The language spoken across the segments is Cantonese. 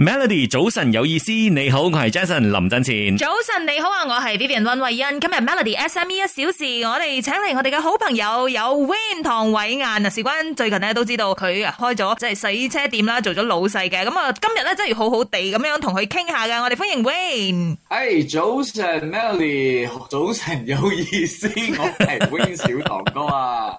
Melody 早晨有意思，你好，我係 Jason 林振前。早晨你好啊，我係 Vivian 溫慧欣。今日 Melody S M E 一小時，我哋請嚟我哋嘅好朋友有 Win 唐偉晏啊。事關最近呢都知道佢啊，開咗即係洗車店啦，做咗老細嘅。咁啊今日咧真係要好好地咁樣同佢傾下㗎。我哋歡迎 Win。哎、hey，早晨 Melody，早晨有意思， 我係 Win 小唐哥啊。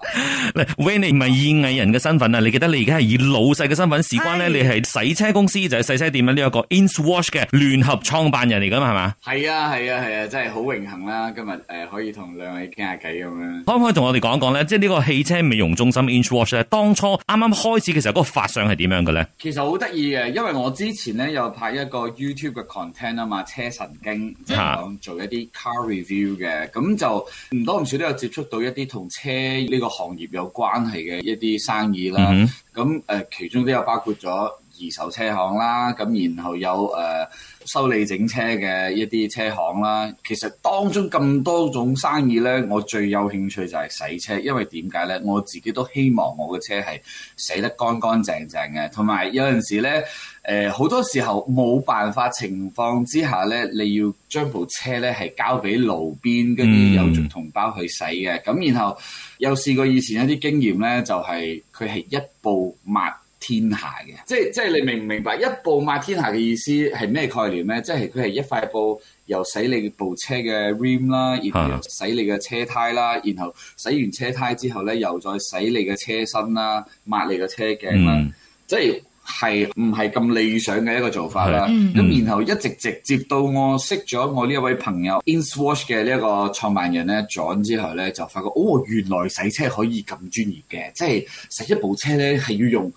嚟 ，Win 你唔係以藝人嘅身份啊？你記得你而家係以老細嘅身份，事關咧 Hey. 你係洗車公司就係、是、洗車。點樣呢？一個 Inch Watch 嘅聯合創辦人嚟噶嘛？係嘛？係啊，係啊，係啊，真係好榮幸啦！今日誒、呃，可以同兩位傾下偈咁樣。可唔可以同我哋講一講咧？即係呢個汽車美容中心 Inch Watch 咧，當初啱啱開始嘅時候，那個發想係點樣嘅咧？其實好得意嘅，因為我之前咧有拍一個 YouTube 嘅 content 啊嘛，車神經即係咁做一啲 car review 嘅，咁、啊、就唔多唔少都有接觸到一啲同車呢個行業有關係嘅一啲生意啦。咁誒、嗯哼呃，其中都有包括咗。二手車行啦，咁然後有誒、呃、修理整車嘅一啲車行啦。其實當中咁多種生意呢，我最有興趣就係洗車，因為點解呢？我自己都希望我嘅車係洗得乾乾淨淨嘅，同埋有陣時呢，誒、呃、好多時候冇辦法情況之下呢，你要將部車呢係交俾路邊跟住友族同胞去洗嘅。咁、嗯、然後又試過以前一啲經驗呢，就係佢係一部抹天下嘅，即係即係你明唔明白？一布抹天下嘅意思係咩概念咧？即係佢係一塊布，又洗你部車嘅 rim 啦，然後洗你嘅車胎啦，的然後洗完車胎之後咧，又再洗你嘅車身啦，抹你嘅車鏡啦，嗯、即係係唔係咁理想嘅一個做法啦？咁的然後一直直接到我識咗我呢一位朋友、嗯、InsWatch 嘅呢一個創辦人咧，撞之後咧就發覺哦，原來洗車可以咁專業嘅，即係洗一部車咧係要用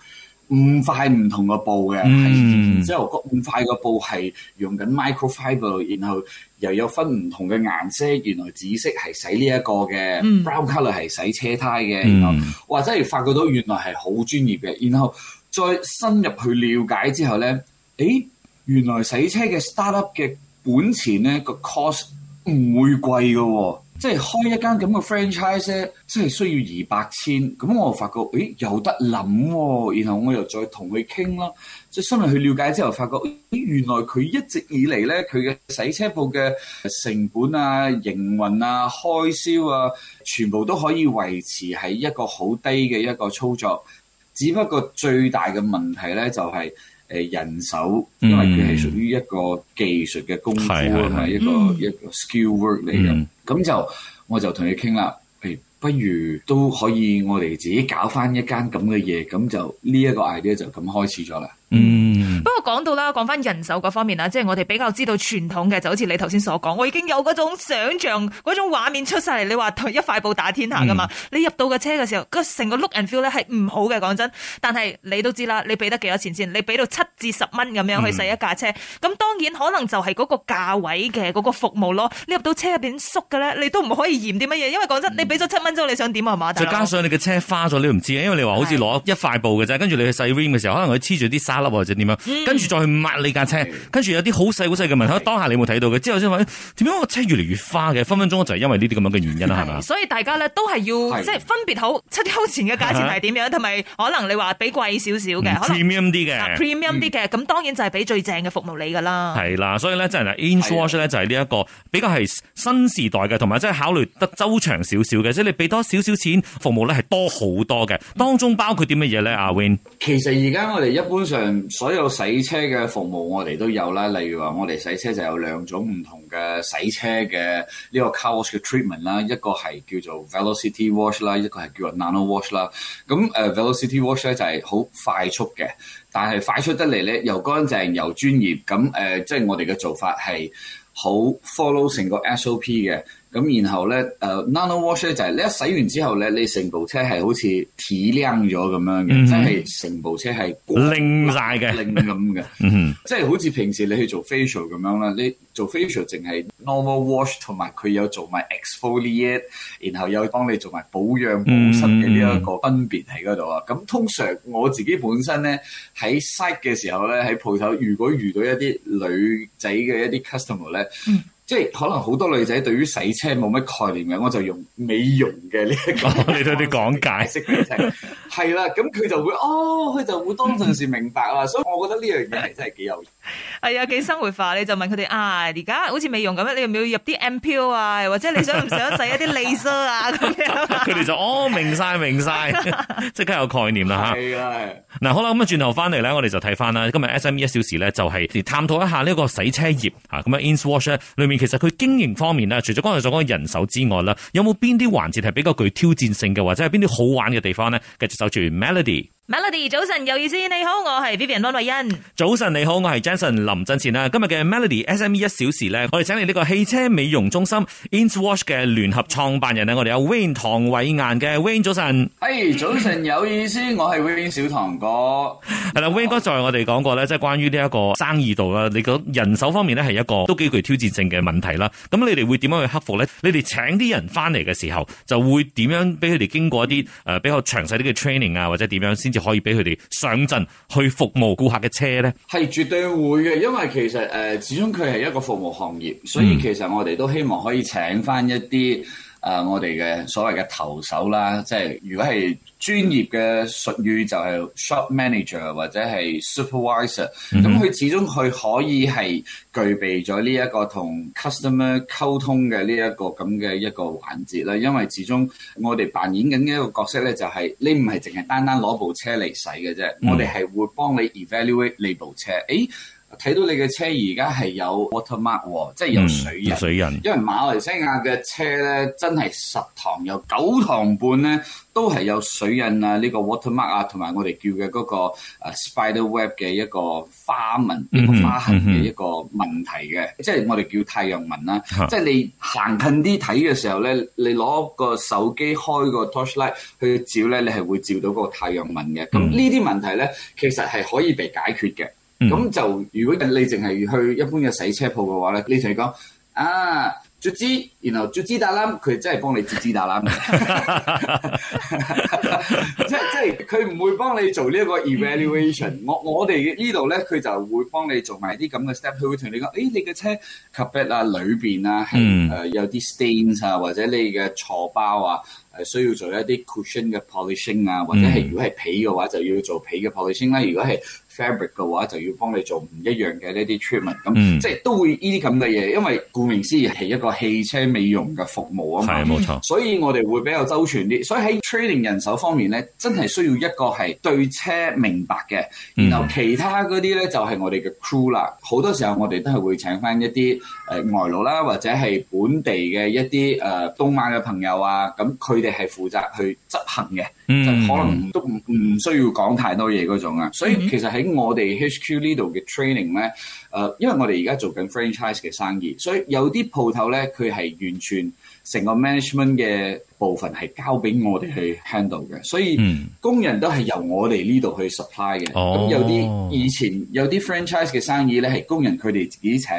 五塊唔同嘅布嘅，嗯、之後五塊個布係用緊 microfiber，然後又有分唔同嘅顏色，原來紫色係洗呢一個嘅 brown color 係洗車胎嘅，然後或者、嗯、發覺到原來係好專業嘅，然後再深入去了解之後咧，誒，原來洗車嘅 startup 嘅本錢咧個 cost 唔會貴嘅、哦。即係開一間咁嘅 franchise，即係需要二百千。咁我發覺，誒，有得諗、哦。然後我又再同佢傾囉。即係深入去了解之後，發覺原來佢一直以嚟呢，佢嘅洗車鋪嘅成本啊、營運啊、開銷啊，全部都可以維持喺一個好低嘅一個操作。只不過最大嘅問題呢，就係、是，誒，人手，因為佢係屬於一個技術嘅功夫啊嘛，嗯、一個、嗯、一個 skill work 嚟嘅，咁、嗯、就我就同你傾啦，誒、欸，不如都可以我哋自己搞翻一間咁嘅嘢，咁就呢一個 idea 就咁開始咗啦。嗯。嗯、不過講到啦，講翻人手嗰方面啊，即係我哋比較知道傳統嘅，就好似你頭先所講，我已經有嗰種想象，嗰種畫面出晒嚟。你話一塊布打天下噶嘛。嗯、你入到個車嘅時候，個成個 look and feel 咧係唔好嘅，講真。但係你都知啦，你俾得幾多錢先？你俾到七至十蚊咁樣去洗一架車，咁、嗯、當然可能就係嗰個價位嘅嗰個服務咯。你入到車入邊縮嘅咧，你都唔可以嫌啲乜嘢，因為講真，你俾咗七蚊鐘，你想點啊？嘛、嗯，再哥加上你嘅車花咗，你唔知因為你話好似攞一塊布嘅啫。的跟住你去洗 rim 嘅時候，可能佢黐住啲沙粒或者點樣。跟住再去抹你架車，跟住有啲好細好細嘅問題。當下你冇睇到嘅，之後先話點解個車越嚟越花嘅？分分鐘就係因為呢啲咁樣嘅原因啦，係咪？所以大家咧都係要即係分別好七千塊嘅價錢係點樣，同埋可能你話俾貴少少嘅，premium 啲嘅，premium 啲嘅，咁當然就係俾最正嘅服務你噶啦。係啦，所以咧真係，inch wash 咧就係呢一個比較係新時代嘅，同埋真係考慮得周詳少少嘅，即係你俾多少少錢，服務咧係多好多嘅。當中包括啲乜嘢咧？阿 Win，其實而家我哋一般上所有。洗車嘅服務我哋都有啦，例如話我哋洗車就有兩種唔同嘅洗車嘅呢個 car wash 嘅 treatment 啦，一個係叫做 velocity wash 啦，一個係叫做 nano wash 啦。咁誒 velocity wash 咧就係好快速嘅，但係快速得嚟咧又乾淨又專業。咁誒即係我哋嘅做法係好 follow 成個 SOP 嘅。咁然後咧，誒、uh, nano wash 咧就係你一洗完之後咧，你成部車係好似睇靚咗咁樣嘅，即係成部車係靚晒嘅，靚咁嘅，即係、 嗯、哼好似平時你去做 facial 咁樣啦。你做 facial 淨係 normal wash 同埋佢有做埋 exfoliate，然後有幫你做埋保養保濕嘅呢一個分別喺嗰度啊。咁、嗯、哼通常我自己本身咧喺 side 嘅時候咧喺鋪頭，鋪如果遇到一啲女仔嘅一啲 customer 咧。嗯即係可能好多女仔對於洗車冇乜概念嘅，我就用美容嘅呢一個、哦，你對啲講解釋佢聽，係啦， 咁佢就會哦，佢就會當陣時明白啦，所以我覺得呢樣嘢係真係幾有用，係啊、哎，幾生活化。你就問佢哋啊，而家好似美容咁啊，你咪要入啲 MPO 啊，或者你想唔想洗一啲鐳射啊咁樣，佢哋 就哦明晒，明晒，即刻有概念啦吓。係嗱 的、啊，好啦，咁啊，轉頭翻嚟咧，我哋就睇翻啦，今日 SME 一小時咧就係探討一下呢個洗車業啊，咁啊 Ins Wash 裏面。其實佢經營方面咧，除咗剛才所講嘅人手之外啦，有冇邊啲環節係比較具挑戰性嘅，或者係邊啲好玩嘅地方咧？繼續守住 Melody。Melody，早晨有意思，你好，我係 Vivian 安慧欣。早晨你好，我係 Jason 林振前啊。今日嘅 Melody SME 一小時咧，我哋請嚟呢個汽車美容中心 Ins Watch 嘅聯合創辦人咧，我哋有 Wayne 唐偉彥嘅 Wayne 早晨。嘿， 早晨有意思，我係 Wayne 小唐 哥。係啦，Wayne 哥在我哋講過咧，即係關於呢一個生意度啦，你講人手方面咧係一個都幾具挑戰性嘅問題啦。咁你哋會點樣去克服咧？你哋請啲人翻嚟嘅時候，就會點樣俾佢哋經過一啲誒、呃呃、比較詳細啲嘅 training 啊，或者點樣先？就可以俾佢哋上陣去服務顧客嘅車呢，係絕對會嘅，因為其實誒、呃，始終佢係一個服務行業，嗯、所以其實我哋都希望可以請翻一啲。啊、呃！我哋嘅所謂嘅頭手啦，即係如果係專業嘅術語，就係 shop manager 或者係 supervisor、mm。咁、hmm. 佢始終佢可以係具備咗呢一個同 customer 溝通嘅呢一個咁嘅一個環節啦。因為始終我哋扮演緊一個角色咧，就係你唔係淨係單單攞部車嚟洗嘅啫，mm hmm. 我哋係會幫你 evaluate 呢部車，誒、欸。睇到你嘅車而家係有 watermark，、哦、即係有水印。嗯、水印因為馬來西亞嘅車咧，真係十堂有九堂半咧，都係有水印啊！呢、呢個 watermark 啊，同埋我哋叫嘅嗰個 spider web 嘅一個花紋、嗯、哼一個花痕嘅一個問題嘅，嗯、哼即係我哋叫太陽紋啦。啊、即係你行近啲睇嘅時候咧，你攞個手機開個 torchlight 去照咧，你係會照到嗰個太陽紋嘅。咁呢啲問題咧，其實係可以被解決嘅。咁就如果你淨係去一般嘅洗車鋪嘅話咧，你同佢講啊卒資，然後卒資打冧，佢真係幫你截資打冧 即係即係佢唔會幫你做呢一個 evaluation 我。我我哋呢度咧，佢就會幫你做埋啲咁嘅 step。佢會同你講，誒你嘅車 carpet 啊裏邊啊，誒有啲 stains 啊，或者你嘅坐包啊。誒需要做一啲 cushion 嘅 polishing 啊，或者係如果係皮嘅話就要做皮嘅 polishing 啦，啊。嗯、如果係 fabric 嘅話就要幫你做唔一樣嘅呢啲 treatment，咁即係都會呢啲咁嘅嘢，因為顧名思義係一個汽車美容嘅服務啊嘛。冇錯，所以我哋會比較周全啲。所以喺 training 人手方面咧，真係需要一個係對車明白嘅。嗯、然後其他嗰啲咧就係、是、我哋嘅 crew 啦。好多時候我哋都係會請翻一啲誒外勞啦，或者係本地嘅一啲誒東馬嘅朋友啊，咁佢。哋係負責去執行嘅，嗯、就可能、嗯、都唔唔需要講太多嘢嗰種啊。所以其實喺我哋 H Q 呢度嘅 training 咧，誒、呃，因為我哋而家做緊 franchise 嘅生意，所以有啲鋪頭咧，佢係完全成個 management 嘅部分係交俾我哋去 handle 嘅。所以工人都係由我哋呢度去 supply 嘅。咁、嗯、有啲以前有啲 franchise 嘅生意咧，係工人佢哋自己請，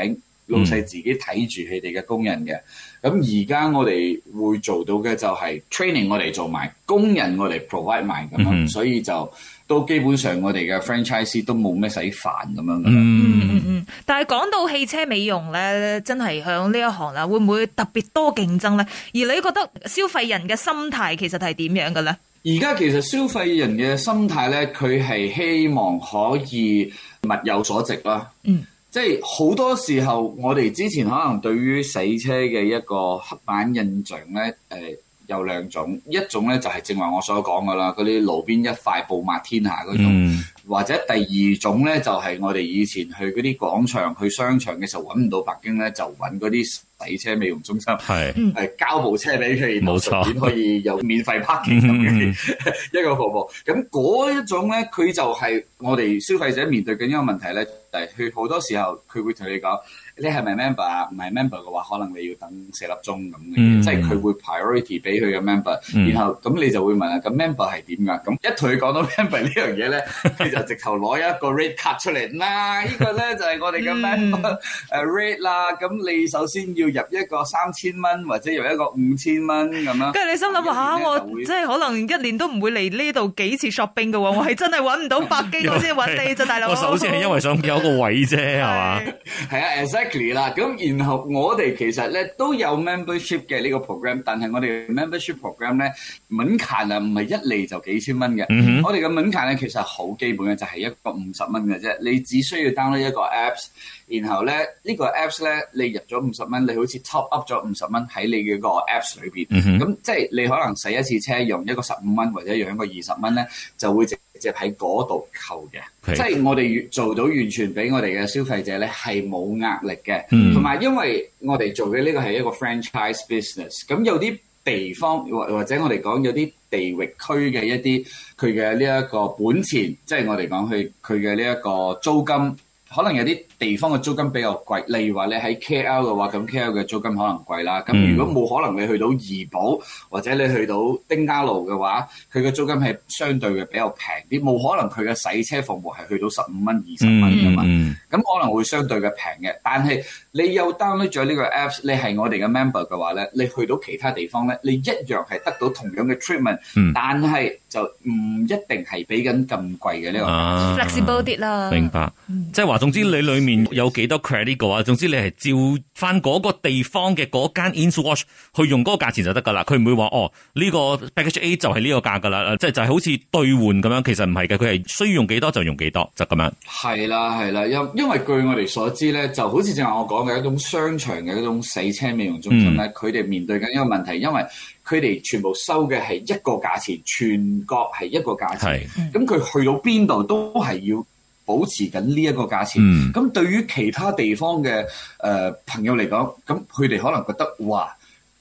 老細自己睇住佢哋嘅工人嘅。嗯嗯咁而家我哋會做到嘅就係 training 我哋做埋工人我，我哋 provide 埋咁樣，所以就都基本上我哋嘅 franchise 都冇咩使煩咁樣。嗯嗯嗯嗯。嗯嗯，但係講到汽車美容咧，真係響呢一行啦，會唔會特別多競爭咧？而你覺得消費人嘅心態其實係點樣嘅咧？而家其實消費人嘅心態咧，佢係希望可以物有所值啦。嗯。即係好多時候，我哋之前可能對於洗車嘅一個刻板印象咧，誒、呃、有兩種，一種咧就係正話我所講嘅啦，嗰啲路邊一塊布抹天下嗰種，嗯、或者第二種咧就係、是、我哋以前去嗰啲廣場、去商場嘅時候揾唔到白京咧，就揾嗰啲洗車美容中心，係係是、呃、交部車俾佢，冇錯，點可以有免費 parking 咁嘅、嗯、 一個服務。咁嗰一種咧，佢就係我哋消費者面對緊一個問題咧。佢好多時候，佢會同你講：你係咪 member 啊？唔係 member 嘅話，可能你要等四粒鐘咁、嗯、即係佢會 priority 俾佢嘅 member。然後咁你就會問啊：咁 member 係點㗎？咁一同佢講到 member 呢樣嘢咧，佢就直頭攞一個 rate card 出嚟。嗱，呢個咧就係我哋嘅 member 誒 rate 啦。咁你首先要入一個三千蚊，或者入一個五千蚊咁樣。跟住你心諗話：我即係可能一年都唔會嚟呢度幾次 shopping 嘅喎，我係真係揾唔到百幾蚊先揾你就大佬。 我首先係因為想個位啫係嘛？係啊的吧，exactly 啦。咁然後我哋其實咧都有 membership 嘅呢個 program，me，但係我哋 membership program 咧，門卡啊唔係一嚟就幾千蚊嘅。Mm hmm. 我哋嘅門卡咧其實好基本嘅，就係、是、一個五十蚊嘅啫。你只需要 download 一個 apps，然後咧呢、呢個 apps 咧你入咗五十蚊，你好似 top up 咗五十蚊喺你嘅個 apps 裏邊。咁、mm hmm. 即係你可能洗一次車用一個十五蚊，或者用一個二十蚊咧，就會。就喺嗰度購嘅，扣是即係我哋完做到完全俾我哋嘅消費者咧，係冇壓力嘅，同埋、嗯、因為我哋做嘅呢個係一個 franchise business，咁有啲地方或或者我哋講有啲地域區嘅一啲佢嘅呢一個本錢，即係我哋講佢佢嘅呢一個租金。可能有啲地方嘅租金比較貴，例如話你喺 KL 嘅話，咁 KL 嘅租金可能貴啦。咁、嗯、如果冇可能你去到怡保或者你去到丁加奴嘅話，佢嘅租金係相對嘅比較平啲。冇可能佢嘅洗車服務係去到十五蚊二十蚊㗎嘛。咁、嗯、可能會相對嘅平嘅，但係你又 download 咗呢個 apps，你係我哋嘅 member 嘅話咧，你去到其他地方咧，你一樣係得到同樣嘅 treatment，、嗯、但係。就唔一定係俾緊咁貴嘅呢個 flexible 啲啦。啊、明白，嗯、即係話總之你裏面有幾多 credit 嘅話、嗯，總之你係照翻嗰個地方嘅嗰間 in 去用嗰個價錢就得噶啦。佢唔會話哦，呢、呢個 package A 就係呢個價噶啦。即係就係好似兌換咁樣，其實唔係嘅，佢係需要用幾多就用幾多，就咁樣。係啦，係啦，因因為據我哋所知咧，就好似正話我講嘅一種商場嘅一種洗車美容中心咧，佢哋、嗯、面對緊一個問題，因為。佢哋全部收嘅係一個價錢，全國係一個價錢。咁佢是去到邊度都係要保持緊呢一個價錢。咁、嗯、對於其他地方嘅誒、呃、朋友嚟講，咁佢哋可能覺得哇，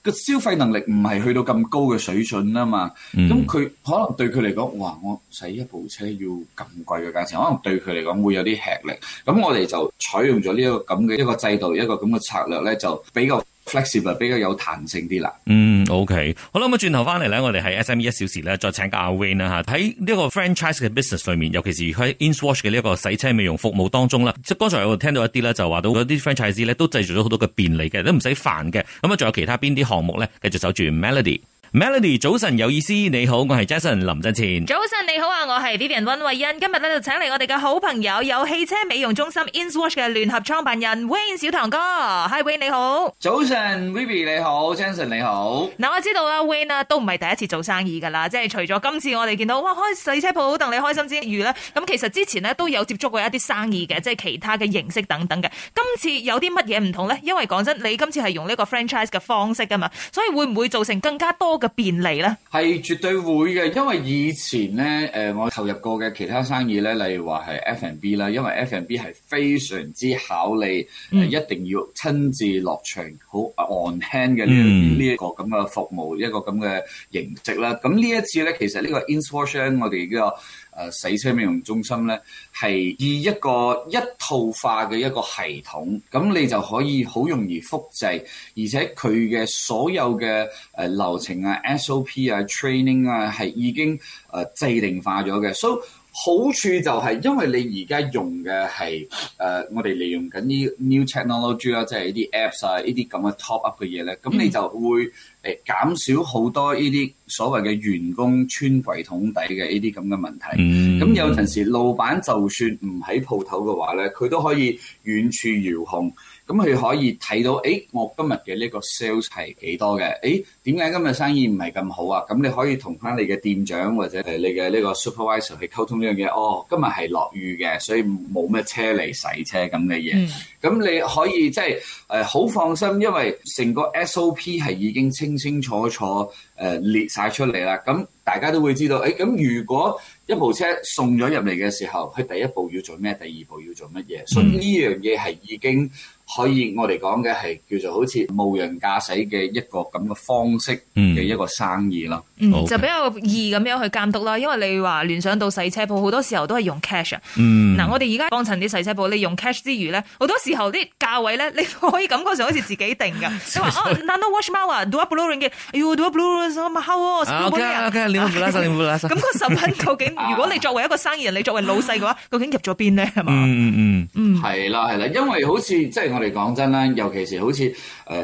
個消費能力唔係去到咁高嘅水準啊嘛。咁佢、嗯、可能對佢嚟講，哇，我使一部車要咁貴嘅價錢，可能對佢嚟講會有啲吃力。咁我哋就採用咗呢一個咁嘅一個制度，一個咁嘅策略咧，就比較。flexible 比較有彈性啲啦。嗯，OK 好。好啦，咁啊轉頭翻嚟咧，我哋喺 SME 一小時咧，再請教阿 Rain 啦嚇。喺呢一個 franchise 嘅 business 裏面，尤其是喺 inswash 嘅呢一個洗車美容服務當中啦。即係剛才我聽到一啲咧，就話到嗰啲 franchise 咧、e、都製造咗好多嘅便利嘅，都唔使煩嘅。咁啊，仲有其他邊啲項目咧？繼續守住 Melody。Mel Melody 早晨有意思，你好，我係 Jason 林振前。早晨你好啊，我係 Vivian 温慧欣。今日咧就請嚟我哋嘅好朋友，有汽車美容中心 Inswash 嘅聯合創辦人 Wayne 小堂哥。Hi Wayne 你好，早晨 Vivi 你好，Jason 你好。嗱、嗯、我知道啊 Wayne 啊都唔係第一次做生意噶啦，即係除咗今次我哋見到哇開洗車鋪好戥你開心之餘呢，咁其實之前呢都有接觸過一啲生意嘅，即係其他嘅形式等等嘅。今次有啲乜嘢唔同呢？因為講真，你今次係用呢個 franchise 嘅方式噶嘛，所以會唔會造成更加多？嘅便利咧，係絕對會嘅，因為以前咧，誒，我投入過嘅其他生意咧，例如話係 F&B 啦，因為 F&B 係非常之考慮，嗯、一定要親自落場，好 on hand 嘅呢呢一個咁嘅、嗯、服務，一個咁嘅形式啦。咁呢一次咧，其實呢個 insourcing 我哋呢個。誒洗車美容中心咧，係以一個一套化嘅一個系統，咁你就可以好容易複製，而且佢嘅所有嘅誒流程啊、SOP 啊、training 啊係已經誒制定化咗嘅，so。好處就係，因為你而家用嘅係誒，我哋利用緊呢 new technology 啦，即係呢啲 apps 啊，呢啲咁嘅 top up 嘅嘢咧，咁、嗯、你就會誒減少好多呢啲所謂嘅員工穿櫃桶底嘅呢啲咁嘅問題。咁、嗯、有陣時，老闆就算唔喺鋪頭嘅話咧，佢都可以遠處遙控。咁佢可以睇到，誒、欸，我今日嘅呢個 sales 係幾多嘅？誒、欸，點解今日生意唔係咁好啊？咁你可以同翻你嘅店長或者係你嘅呢個 supervisor 去溝通呢樣嘢。哦，今日係落雨嘅，所以冇咩車嚟洗車咁嘅嘢。咁、嗯、你可以即係誒好放心，因為成個 SOP 係已經清清楚楚誒列晒出嚟啦。咁、呃、大家都會知道，誒、欸，咁如果一部車送咗入嚟嘅時候，佢第一步要做咩？第二步要做乜嘢？所以呢樣嘢係已經。嗯可以我講，我哋講嘅係叫做好似無人駕駛嘅一個咁嘅方式嘅一個生意咯，hmm. Okay. 就比較易咁樣去監督啦。因為你話聯想到洗車鋪，好多時候都係用 cash 嗱，hmm. Now, 我哋而家幫襯啲洗車鋪，你用 cash 之餘咧，好多時候啲價位咧，你可以感覺上好似自己定噶。你話哦 n a n wash mower do blurring 嘅，哎呦 d blurring 咁啊，how？啊，OK OK，你唔好拉晒，你唔咁個十蚊究竟，如果你作為一個生意人， 你作為老細嘅話，究竟入咗邊呢？係嘛？嗯嗯嗯，係啦係啦，因為好似即係嚟講真啦，尤其是好似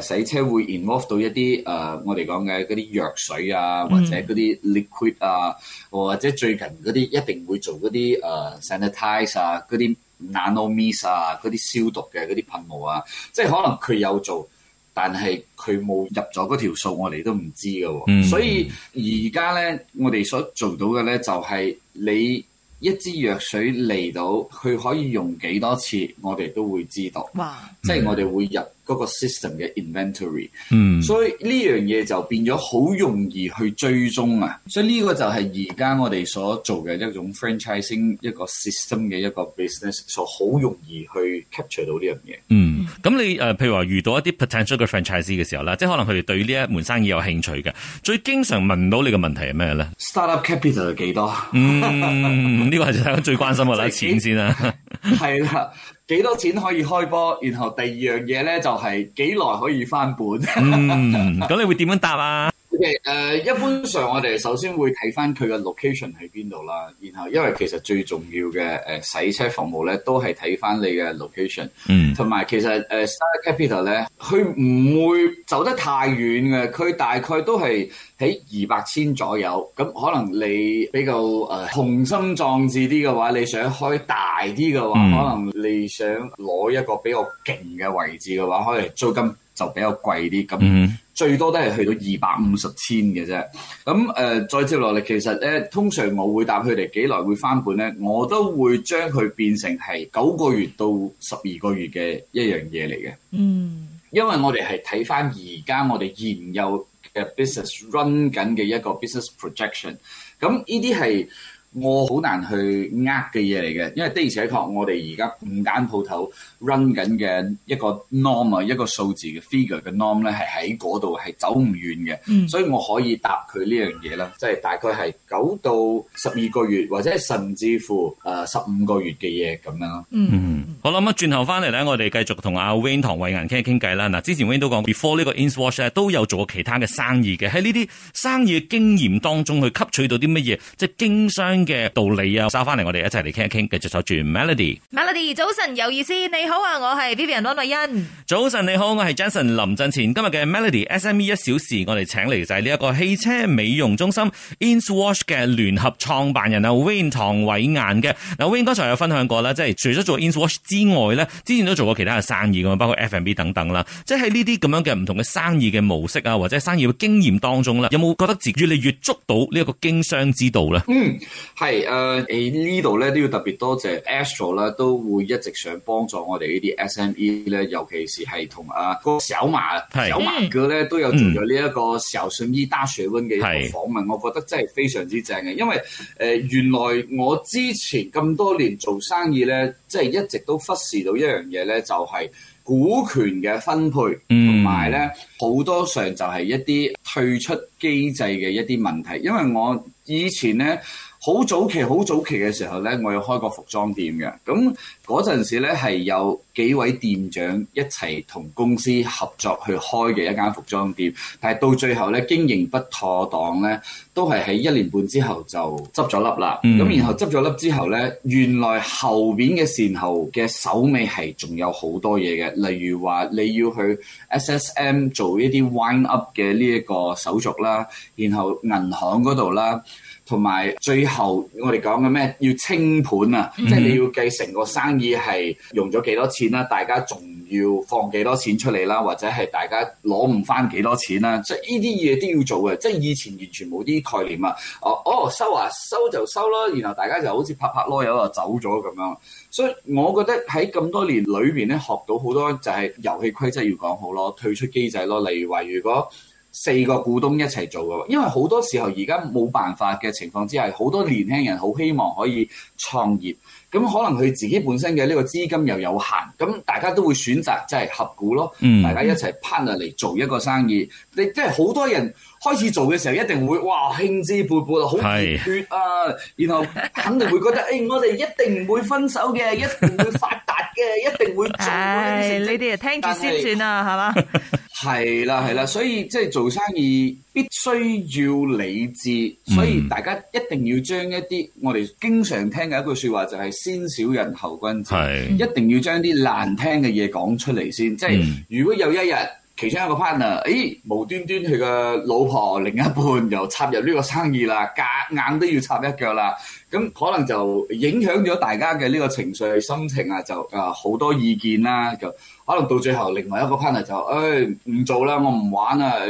誒洗車會 involve 到一啲誒、uh, 我哋講嘅嗰啲藥水啊，或者嗰啲 liquid 啊，mm hmm. 或者最近嗰啲一定會做嗰啲誒、uh, sanitise 啊，嗰啲 nano mist 啊，嗰啲消毒嘅嗰啲噴霧啊，即係可能佢有做，但係佢冇入咗嗰條數我、啊 mm hmm.，我哋都唔知嘅。所以而家咧，我哋所做到嘅咧，就係、是、你。一支藥水嚟到，佢可以用幾多次，我哋都會知道，哇即係我哋會入。嗰個 system 嘅 inventory，嗯、所以呢樣嘢就變咗好容易去追蹤啊！所以呢個就係而家我哋所做嘅一種 franchising 一個 system 嘅一個 business，所以好容易去 capture 到呢樣嘢。嗯，咁你誒、呃，譬如話遇到一啲 potential 嘅 franchise 嘅、e、時候啦，即係可能佢哋對呢一門生意有興趣嘅，最經常問到你嘅問題係咩咧？Startup capital 係幾多？ 嗯，呢、這個係大家最關心嘅啦， 錢先啦、啊。 係啦，幾 多錢可以開波？然後第二樣嘢咧就係幾耐可以翻本？ 嗯，咁你會點樣答啊？誒，誒，okay, uh, 一般上我哋首先會睇返佢嘅 location 喺邊度啦，然後因為其實最重要嘅誒、uh, 洗車服務咧，都係睇返你嘅 location、mm。嗯，同埋其實誒、uh, Star Capital 咧，佢唔會走得太遠嘅，佢大概都係喺二百千左右。咁可能你比較誒雄、uh, 心壯志啲嘅話，你想開大啲嘅話，mm hmm. 可能你想攞一個比較勁嘅位置嘅話，可能租金就比較貴啲。咁。最多都係去到二百五十千嘅啫，咁誒、呃、再接落嚟，其實咧通常我會答佢哋幾耐會翻本咧，我都會將佢變成係九個月到十二個月嘅一樣嘢嚟嘅。嗯，mm. 因為我哋係睇翻而家我哋現有嘅 business run 緊嘅一個 business projection，咁呢啲係。我好難去呃嘅嘢嚟嘅，因為的而且確我哋而家五間鋪頭 run 緊嘅一個 norm 啊，一個數字嘅 figure 嘅 norm 咧，係喺度係走唔遠嘅，所以我可以答佢呢樣嘢啦，即係大概係九到十二個月，或者甚至乎誒十五個月嘅嘢咁樣咯。嗯，好啦，咁轉頭翻嚟咧，我哋繼續同阿 Wayne 唐慧銀傾傾偈啦。嗱，之前 Wayne 都講 before 呢個 Ins Wash 都有做過其他嘅生意嘅，喺呢啲生意嘅經驗當中去吸取到啲乜嘢，即係經商嘅道理啊，收翻嚟，我哋一齊嚟傾一傾。繼續守住 Melody，Melody 早晨有意思，你好啊，我係 Vivian 溫慧欣。早晨你好，我係 Jason 林振前。今日嘅 Melody SME 一小時，我哋請嚟就係呢一個汽車美容中心 Ins Wash 嘅聯合創辦人啊，Rain 唐偉晏嘅。嗱，Rain 剛才有分享過啦，即係除咗做 Ins Wash 之外咧，之前都做過其他嘅生意咁啊，包括 F&B 等等啦。即係喺呢啲咁樣嘅唔同嘅生意嘅模式啊，或者生意嘅經驗當中啦，有冇覺得自己越嚟越捉到呢一個經商之道咧？嗯。係誒喺呢度咧都要特別多謝 Astro 咧、啊，都會一直想幫助我哋呢啲 SME 咧，尤其是係同阿個小馬是小馬哥咧都有做咗呢一個小信衣打水文嘅一個訪問，是我覺得真係非常之正嘅。因為誒、呃、原來我之前咁多年做生意咧，即係一直都忽視到一樣嘢咧，就係、是、股權嘅分配，同埋咧好多上就係一啲退出機制嘅一啲問題。因為我以前咧。好早期，好早期嘅時候咧，我有開過服裝店嘅。咁嗰陣時咧，係有幾位店長一齊同公司合作去開嘅一間服裝店。但係到最後咧，經營不妥當咧，都係喺一年半之後就執咗笠啦。咁、嗯、然後執咗笠之後咧，原來後面嘅善後嘅手尾係仲有好多嘢嘅，例如話你要去 SSM 做一啲 wind up 嘅呢一個手續啦，然後銀行嗰度啦。同埋最後我，我哋講嘅咩要清盤啊，mm hmm. 即係你要計成個生意係用咗幾多錢啦、啊，大家仲要放幾多錢出嚟啦、啊，或者係大家攞唔翻幾多錢啦、啊，即係呢啲嘢都要做嘅。即係以前完全冇啲概念啊！哦哦，收啊收就收啦、啊，然後大家就好似拍拍籮柚啊走咗咁樣。所以我覺得喺咁多年裏邊咧，學到好多就係遊戲規則要講好咯、啊，退出機制咯、啊，例如話如果，四個股東一齊做嘅，因為好多時候而家冇辦法嘅情況之下，好多年輕人好希望可以創業，咁可能佢自己本身嘅呢個資金又有限，咁大家都會選擇即係合股咯，大家一齊 partner 嚟做一個生意。你、mm hmm. 即係好多人開始做嘅時候，一定會哇興致勃勃，好熱血啊， 然後肯定會覺得誒、哎，我哋一定唔會分手嘅，一定會發達嘅，一定會做嘅。你哋啊，哎、聽住先算啊，係嘛是？ 係啦，係啦，所以即係做生意必須要理智，嗯、所以大家一定要將一啲我哋經常聽嘅一句説話，就係先小人後君子，的一定要將啲難聽嘅嘢講出嚟先。嗯、即係如果有一日其中一個 partner，誒、哎、無端端佢嘅老婆另一半又插入呢個生意啦，夾硬，硬都要插一腳啦，咁可能就影響咗大家嘅呢個情緒心情啊，就啊好、呃、多意見啦，就。可能到最後，另外一個 partner 就誒唔、哎、做啦，我唔玩啊、哎，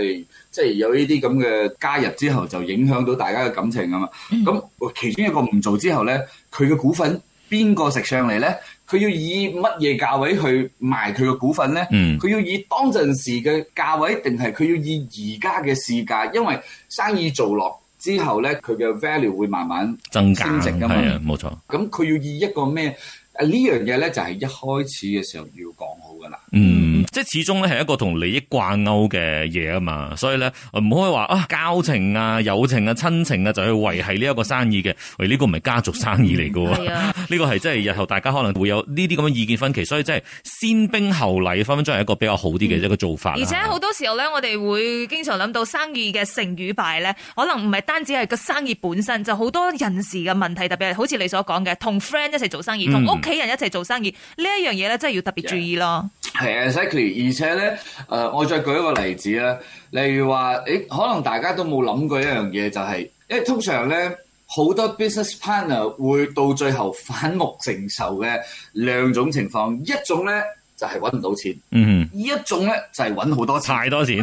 即係有呢啲咁嘅加入之後，就影響到大家嘅感情啊嘛。咁、嗯、其中一個唔做之後咧，佢嘅股份邊個食上嚟咧？佢要以乜嘢價位去賣佢嘅股份咧？佢、嗯、要以當陣時嘅價位，定係佢要以而家嘅市價？因為生意做落之後咧，佢嘅 value 會慢慢增值㗎嘛，冇、啊、錯。咁佢要以一個咩？呢樣嘢咧就係一開始嘅時候要講好噶啦，嗯，即係始終咧係一個同利益掛鈎嘅嘢啊嘛，所以咧唔可以話啊交情啊友情啊親情啊就去維繫呢一個生意嘅，喂、這、呢個唔係家族生意嚟噶，呢、嗯啊、個係即係日後大家可能會有呢啲咁嘅意見分歧，所以即係先兵後禮分分鐘係一個比較好啲嘅一個做法。嗯、而且好多時候咧，是我哋會經常諗到生意嘅成與敗咧，可能唔係單止係個生意本身，就好多人事嘅問題，特別係好似你所講嘅，同 friend 一齊做生意，同、嗯、屋。屋企人一齊做生意呢一樣嘢咧，真係要特別注意咯。係啊，Exactly。而且咧，誒、呃，我再舉一個例子啦。例如話，誒，可能大家都冇諗過一樣嘢，就係、是，因為通常咧，好多 business partner 會到最後反目成仇嘅兩種情況，一種咧就係搵唔到錢，嗯、mm，hmm. 一種咧就係搵好多太多錢，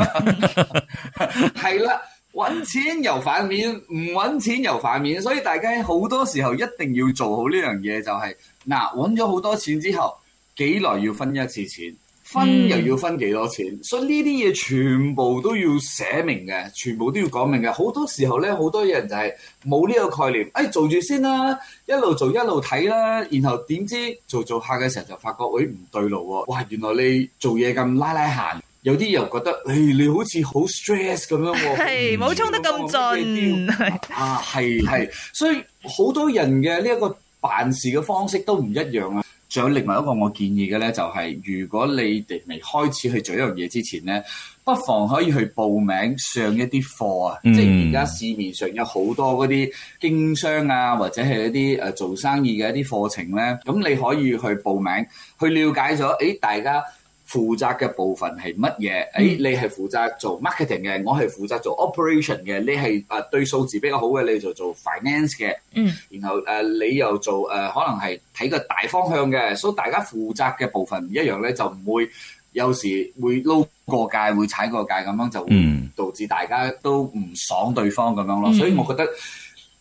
係啦。揾錢又反面，唔揾錢又反面，所以大家好多時候一定要做好呢樣嘢，就係嗱，揾咗好多錢之後，幾耐要分一次錢，分又要分幾多錢，嗯、所以呢啲嘢全部都要寫明嘅，全部都要講明嘅。好多時候呢，好多嘢人就係冇呢個概念，誒、哎、做住先啦，一路做一路睇啦，然後點知做著做下嘅時候就發覺，咦、哎、唔對路喎、啊，哇原來你做嘢咁拉拉閒。有啲又覺得，誒、哎、你好似好 stress 咁樣喎，冇是、嗯、衝得咁再是啊，係係，所以好多人嘅呢一個辦事嘅方式都唔一樣啊。仲有另外一個我建議嘅咧，就係、是、如果你哋未開始去做一樣嘢之前咧，不妨可以去報名上一啲課啊。嗯、即係而家市面上有好多嗰啲經商啊，或者係一啲誒做生意嘅一啲課程咧，咁你可以去報名去了解咗。誒、哎，大家。負責嘅部分係乜嘢？誒、嗯，你係負責做 marketing 嘅，我係負責做 operation 嘅。你係誒對數字比較好嘅，你就做 finance 嘅。嗯。然後誒你又做誒可能係睇個大方向嘅，所以大家負責嘅部分唔一樣咧，就唔會有時會撈過界，會踩過界，咁樣就會導致大家都唔爽對方咁樣咯。嗯、所以我覺得，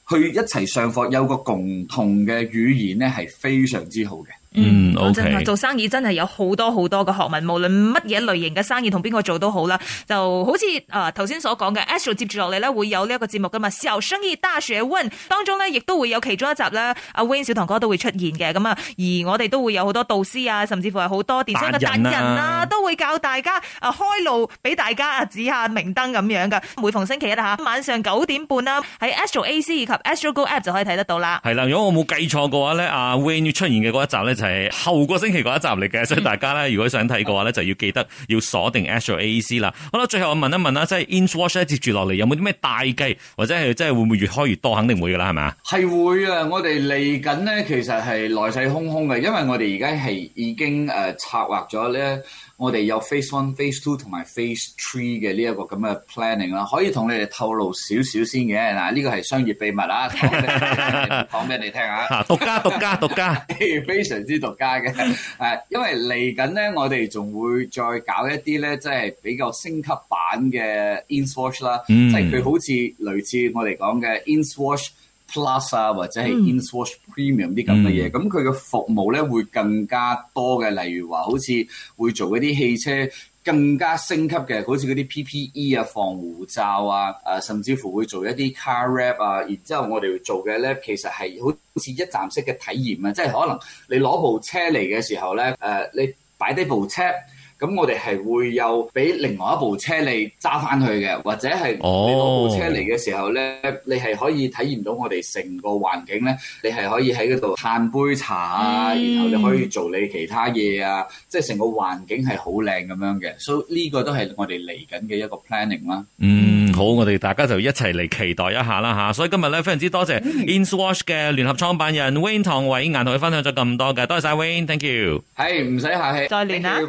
去一齊上課有個共同嘅語言咧，係非常之好嘅。嗯，okay，嗯，okay，做生意真係有好多好多嘅學問，無論乜嘢類型嘅生意同邊個做都好啦。就好似啊頭先所講嘅，Astro 接住落嚟咧會有呢一個節目噶嘛。小生意大學 Win 當中呢，亦都會有其中一集咧，阿 Win 小堂哥都會出現嘅。咁啊，而我哋都會有好多導師啊，甚至乎係好多電商嘅達人、人啊，都會教大家啊開路俾大家指下明燈咁樣噶。每逢星期一啦，晚上九點半啦，喺 Astro AC 以及 Astro Go App 就可以睇得到啦。係啦，如果我冇計錯嘅話呢，阿 Win 出現嘅嗰一集呢。就係後個星期嗰一集嚟嘅，所以大家咧，如果想睇嘅話咧，就要記得要鎖定 Astro AEC 啦。好啦，最後我問一問啦，即係 Inswatch 咧接住落嚟有冇啲咩大計，或者係即係會唔會越開越多？肯定會噶啦，係咪？係會啊！我哋嚟緊咧，其實係來勢洶洶嘅，因為我哋而家係已經誒策劃咗咧。我哋有 phase one、phase two 同埋 phase three 嘅呢一個咁嘅 planning 啦，可以同你哋透露少少先嘅嗱，呢、這個係商業秘密啦，講俾你聽吓。獨 家、獨家、獨家， 非常之獨家嘅，誒，因為嚟緊咧，我哋仲會再搞一啲咧，即、就、係、是、比較升級版嘅 ins watch 啦，即係佢好似類似我哋講嘅 ins watch。Plus 啊，或者係 Inswash Premium 啲咁嘅嘢，咁佢嘅服務咧會更加多嘅，例如話好似會做一啲汽車更加升級嘅，好似嗰啲 PPE 啊、防護罩啊，誒、啊、甚至乎會做一啲 Car Wrap 啊，然之後我哋做嘅咧其實係好似一站式嘅體驗啊，即係可能你攞部車嚟嘅時候咧，誒、啊、你擺低部車。咁我哋係會有俾另外一部車嚟揸翻去嘅，或者係你嗰部車嚟嘅時候咧，你係可以體驗到我哋成個環境咧，你係可以喺嗰度嘆杯茶啊，然後你可以做你其他嘢啊，嗯、即係成個環境係好靚咁樣嘅，所以呢個都係我哋嚟緊嘅一個 planning 啦。嗯，好，我哋大家就一齊嚟期待一下啦吓。所以今日咧非常之多謝 InsWatch 嘅聯合創辦人 Wayne 唐偉岩同佢分享咗咁多嘅，多謝晒 Wayne，Thank you hey。係，唔使客氣，再聯繫。